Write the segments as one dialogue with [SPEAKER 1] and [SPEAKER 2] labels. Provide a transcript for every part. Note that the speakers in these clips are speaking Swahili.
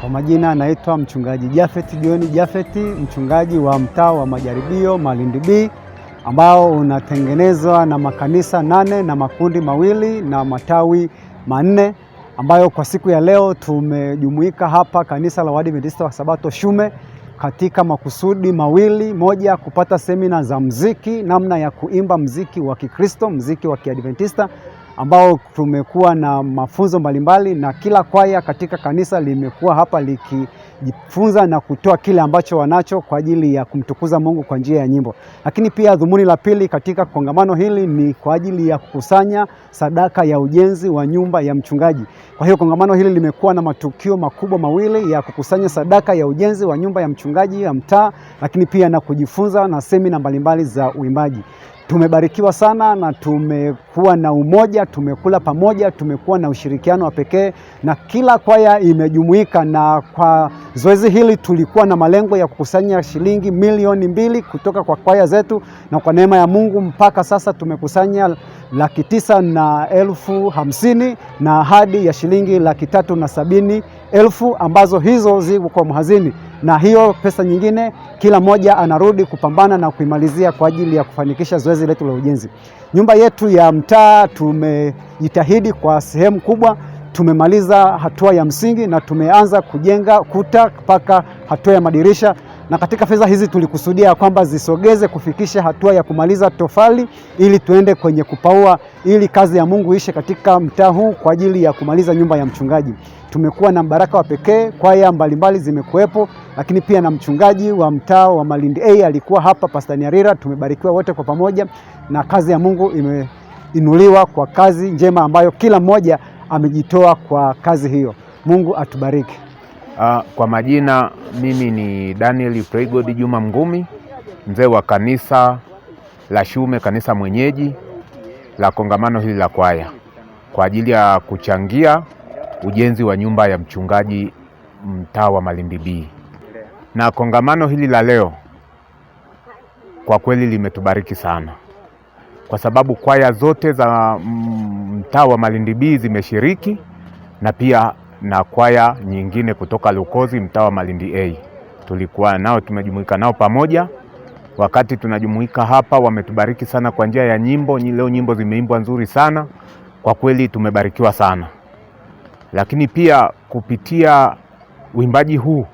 [SPEAKER 1] Kwa majina anaitwa mchungaji Jafet John Jafet, mchungaji wa mtaa wa Majaribio Malindi B ambao unatengenezwa na makanisa nane na makundi mawili na matawi manne ambayo kwa siku ya leo tumejumuika hapa kanisa la Waadventista wa Sabato Shume katika makusudi mawili, moja kupata semina za mziki, namna ya kuimba mziki wa Kikristo, mziki wa Kiadventista, ambao tumekuwa na mafunzo mbalimbali na kila kwaya katika kanisa limekuwa hapa likijifunza na kutoa kile ambacho wanacho kwa ajili ya kumtukuza Mungu kwa njia ya nyimbo. Lakini pia dhumuni la pili katika kongamano hili ni kwa ajili ya kukusanya sadaka ya ujenzi wa nyumba ya mchungaji. Kwa hiyo kongamano hili limekuwa na matukio makubwa mawili ya kukusanya sadaka ya ujenzi wa nyumba ya mchungaji ya mtaa, lakini pia na kujifunza na semina mbalimbali za uimbaji. Tumebarikiwa sana na tumekuwa na umoja, tumekula pamoja, tumekuwa na ushirikiano wa pekee na kila kwaya imejumuika. Na kwa zoezi hili tulikuwa na malengo ya kukusanya shilingi milioni mbili kutoka kwa kwaya zetu, na kwa neema ya Mungu mpaka sasa tumekusanya laki tisa na elfu hamsini na ahadi ya shilingi laki tatu na sabini elfu ambazo hizo ziko kwa mhazini na hiyo pesa nyingine kila mmoja anarudi kupambana na kuimalizia kwa ajili ya kufanikisha zoezi letu la ujenzi. Nyumba yetu ya mtaa tumejitahidi kwa sehemu kubwa, tumemaliza hatua ya msingi na tumeanza kujenga kuta mpaka hatua ya madirisha na katika fedha hizi tulikusudia kwamba zisogeze kufikisha hatua ya kumaliza tofali ili tuende kwenye kupaua, ili kazi ya Mungu ishe katika mtaa huu kwa ajili ya kumaliza nyumba ya mchungaji. Tumekuwa na mbaraka wa pekee, kwaya mbalimbali zimekuwepo, lakini pia na mchungaji wa mtaa wa Malindi A alikuwa hapa, Pastor Nyarira. Tumebarikiwa wote kwa pamoja na kazi ya Mungu imeinuliwa kwa kazi njema ambayo kila mmoja amejitoa kwa kazi hiyo. Mungu atubariki. Uh, kwa majina mimi ni Daniel Praygod Juma Mngumi, mzee wa kanisa la Shume, kanisa mwenyeji la kongamano hili la kwaya, kwa ajili ya kuchangia ujenzi wa nyumba ya mchungaji mtaa wa Malimbi B. Na kongamano hili la leo kwa kweli limetubariki sana, kwa sababu kwaya zote za mm, mtaa wa Malindi B zimeshiriki na pia na kwaya nyingine kutoka Lukozi mtaa wa Malindi A. Tulikuwa nao tumejumuika nao pamoja. Wakati tunajumuika hapa, wametubariki sana kwa njia ya nyimbo. Leo nyimbo zimeimbwa nzuri sana kwa kweli, tumebarikiwa sana. Lakini pia kupitia uimbaji huu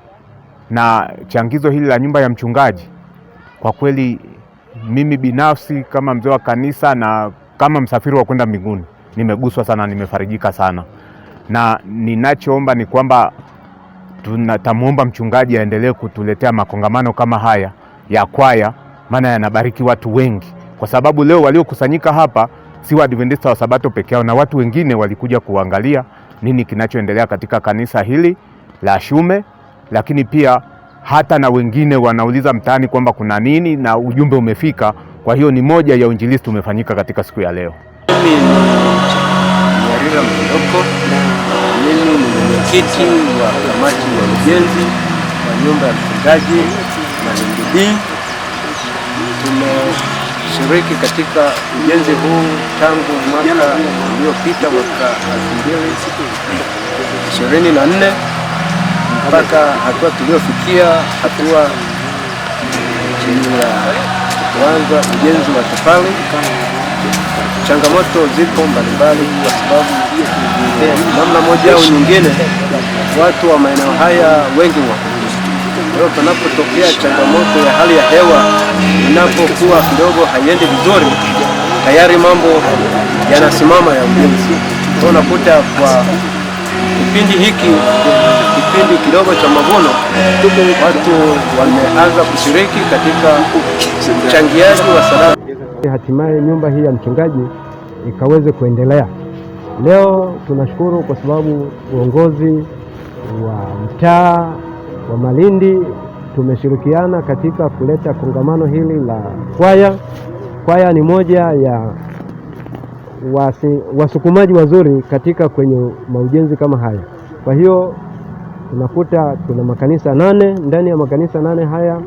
[SPEAKER 1] na changizo hili la nyumba ya mchungaji, kwa kweli mimi binafsi kama mzee wa kanisa na kama msafiri wa kwenda mbinguni, nimeguswa sana, nimefarijika sana na ninachoomba ni kwamba tunatamuomba mchungaji aendelee kutuletea makongamano kama haya ya kwaya, maana yanabariki watu wengi, kwa sababu leo waliokusanyika hapa si Waadventista wa Sabato peke yao, na watu wengine walikuja kuangalia nini kinachoendelea katika kanisa hili la Shume, lakini pia hata na wengine wanauliza mtaani kwamba kuna nini na ujumbe umefika. Kwa hiyo ni moja ya uinjilisti umefanyika katika siku ya leo.
[SPEAKER 2] Amen mwenyekiti wa kamati ya ujenzi wa nyumba ya mtendaji Malindi B. Tumeshiriki katika ujenzi huu tangu mwaka uliopita mwaka 2024 mpaka hatua tuliofikia hatua chini ya kuanza ujenzi wa tofali. Changamoto zipo mbalimbali, kwa sababu namna moja au nyingine watu wa maeneo haya wengi wa leo, panapotokea changamoto ya hali ya hewa inapokuwa kidogo haiendi vizuri, tayari mambo yanasimama ya ujenzi. Kwa unakuta kwa kipindi hiki kipindi kidogo cha mavuno, watu wameanza kushiriki katika uchangiaji wa sadaka.
[SPEAKER 3] Hatimaye nyumba hii ya mchungaji ikaweze kuendelea. Leo tunashukuru kwa sababu uongozi wa mtaa wa Malindi tumeshirikiana katika kuleta kongamano hili la kwaya. Kwaya ni moja ya wasi, wasukumaji wazuri katika kwenye maujenzi kama haya. Kwa hiyo tunakuta tuna makanisa nane. Ndani ya makanisa nane haya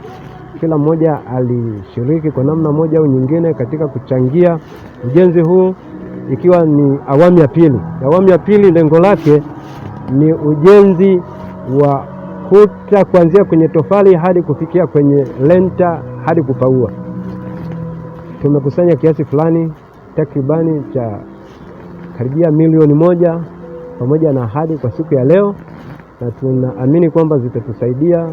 [SPEAKER 3] kila mmoja alishiriki kwa namna moja au nyingine katika kuchangia ujenzi huu, ikiwa ni awamu ya pili. Awamu ya pili lengo lake ni ujenzi wa kuta kuanzia kwenye tofali hadi kufikia kwenye lenta hadi kupaua. Tumekusanya kiasi fulani takribani cha karibia milioni moja pamoja na ahadi kwa siku ya leo, na tunaamini kwamba zitatusaidia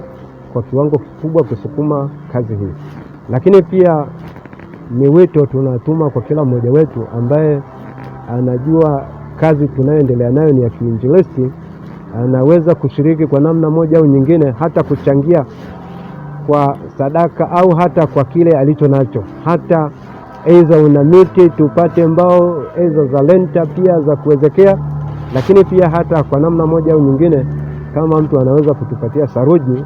[SPEAKER 3] kwa kiwango kikubwa kusukuma kazi hii, lakini pia ni wito tunatuma kwa kila mmoja wetu ambaye anajua kazi tunayoendelea nayo ni ya kiinjilisti anaweza kushiriki kwa namna moja au nyingine, hata kuchangia kwa sadaka au hata kwa kile alicho nacho, hata aidha una miti tupate mbao aidha za lenta pia za kuwezekea, lakini pia hata kwa namna moja au nyingine, kama mtu anaweza kutupatia saruji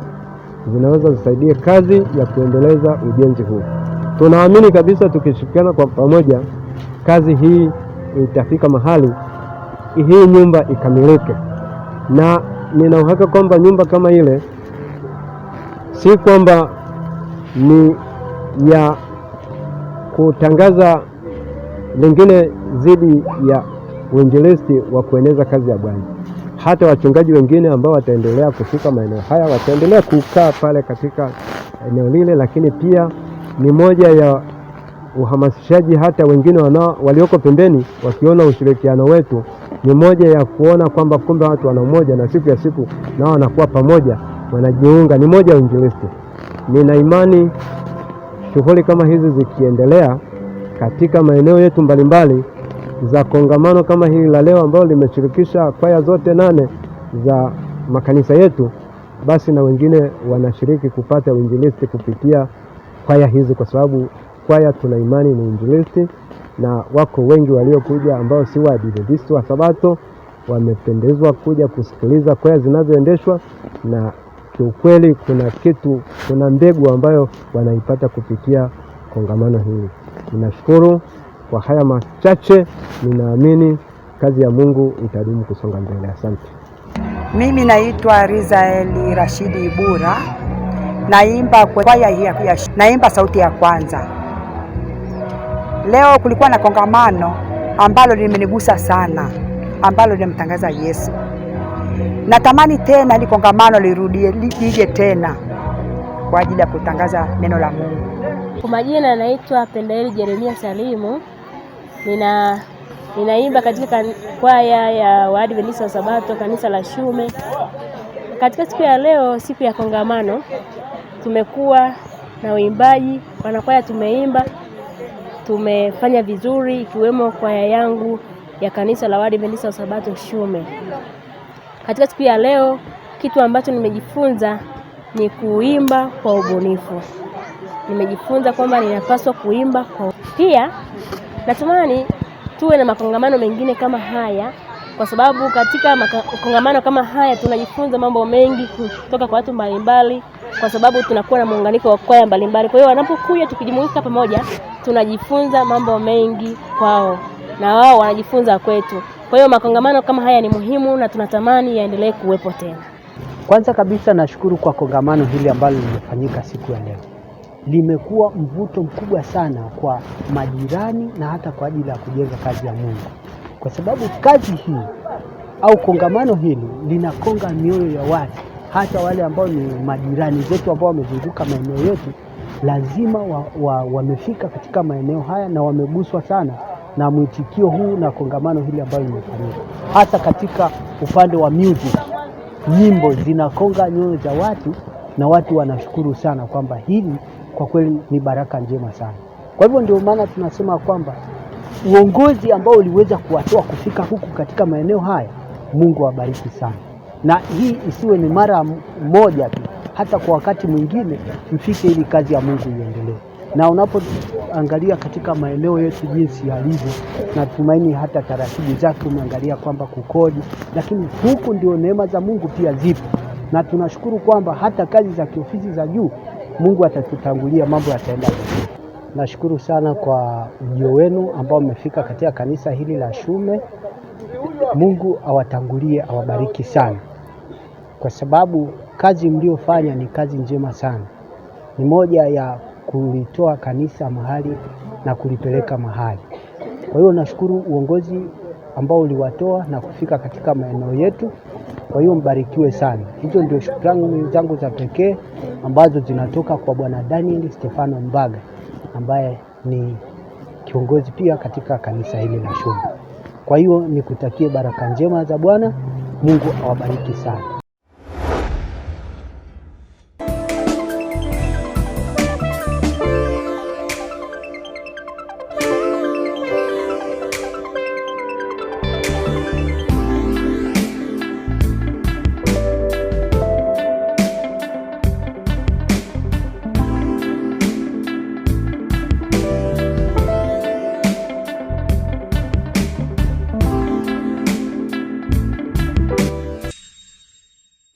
[SPEAKER 3] zinaweza zisaidie kazi ya kuendeleza ujenzi huu. Tunaamini kabisa tukishirikiana kwa pamoja, kazi hii itafika mahali hii nyumba ikamilike na ninauhakika kwamba nyumba kama ile si kwamba ni ya kutangaza lingine dhidi ya uinjilisti wa kueneza kazi ya Bwana. Hata wachungaji wengine ambao wataendelea kufika maeneo haya wataendelea kukaa pale katika eneo lile, lakini pia ni moja ya uhamasishaji, hata wengine wanao walioko pembeni wakiona ushirikiano wetu ni moja ya kuona kwamba kumbe watu wana umoja na siku ya siku nao wanakuwa pamoja, wanajiunga, ni moja ya uinjilisti. Nina imani shughuli kama hizi zikiendelea katika maeneo yetu mbalimbali za kongamano kama hili la leo ambalo limeshirikisha kwaya zote nane za makanisa yetu, basi na wengine wanashiriki kupata uinjilisti kupitia kwaya hizi, kwa sababu kwaya tuna imani ni uinjilisti na wako wengi waliokuja ambao si waadventisti wa Sabato, wamependezwa kuja kusikiliza kwaya zinazoendeshwa, na kiukweli kuna kitu, kuna mbegu ambayo wanaipata kupitia kongamano hili. Ninashukuru kwa haya machache, ninaamini kazi ya Mungu itadumu kusonga mbele. Asante.
[SPEAKER 4] Mimi naitwa Rizaeli Rashidi Ibura, naimba kwaya hii, naimba sauti ya kwanza. Leo kulikuwa na kongamano ambalo limenigusa sana, ambalo linamtangaza Yesu. Natamani tena ili kongamano lirudie, lije tena kwa ajili ya kutangaza neno la Mungu.
[SPEAKER 5] Kwa majina naitwa Pendaeli Jeremia Salimu, nina ninaimba katika kwaya ya Waadventista wa Sabato kanisa la Shume. Katika siku ya leo, siku ya kongamano, tumekuwa na uimbaji, wanakwaya tumeimba tumefanya vizuri ikiwemo kwaya yangu ya kanisa la Waadventista wa Sabato Shume. Katika siku ya leo, kitu ambacho nimejifunza ni kuimba kwa ubunifu. Nimejifunza kwamba ninapaswa kuimba kwa... Pia natamani tuwe na makongamano mengine kama haya, kwa sababu katika makongamano kama haya tunajifunza mambo mengi kutoka kwa watu mbalimbali, kwa sababu tunakuwa na muunganiko wa kwaya mbalimbali. Kwa hiyo wanapokuja tukijumuika pamoja tunajifunza mambo mengi kwao na wao wanajifunza kwetu. Kwa hiyo makongamano kama haya ni muhimu na tunatamani yaendelee kuwepo tena.
[SPEAKER 6] Kwanza kabisa nashukuru kwa kongamano hili ambalo limefanyika siku ya leo. Limekuwa mvuto mkubwa sana kwa majirani na hata kwa ajili ya kujenga kazi ya Mungu, kwa sababu kazi hii au kongamano hili linakonga mioyo ya watu, hata wale ambao ni majirani zetu ambao wamezunguka maeneo yetu lazima wamefika wa, wa katika maeneo haya na wameguswa sana na mwitikio huu na kongamano hili ambayo limefanyika, hasa katika upande wa music. Nyimbo zinakonga nyoyo za watu na watu wanashukuru sana kwamba hili kwa kweli ni baraka njema sana. Kwa hivyo ndio maana tunasema kwamba uongozi ambao uliweza kuwatoa kufika huku katika maeneo haya, Mungu awabariki sana, na hii isiwe ni mara moja tu hata kwa wakati mwingine mfike ili kazi ya Mungu iendelee. Na unapoangalia katika maeneo yetu jinsi yalivyo, natumaini hata taratibu zake umeangalia kwamba kukodi, lakini huku ndio neema za Mungu pia zipo, na tunashukuru kwamba hata kazi za kiofisi za juu Mungu atatutangulia, mambo yataenda vizuri. Nashukuru sana kwa ujio wenu ambao mmefika katika kanisa hili la Shume. Mungu awatangulie, awabariki sana kwa sababu kazi mliofanya ni kazi njema sana, ni moja ya kulitoa kanisa mahali na kulipeleka mahali. Kwa hiyo nashukuru uongozi ambao uliwatoa na kufika katika maeneo yetu. Kwa hiyo mbarikiwe sana. Hizo ndio shukrani zangu za pekee ambazo zinatoka kwa Bwana Daniel Stefano Mbaga ambaye ni kiongozi pia katika kanisa hili la Shumba. Kwa hiyo nikutakie baraka njema za Bwana. Mungu awabariki sana.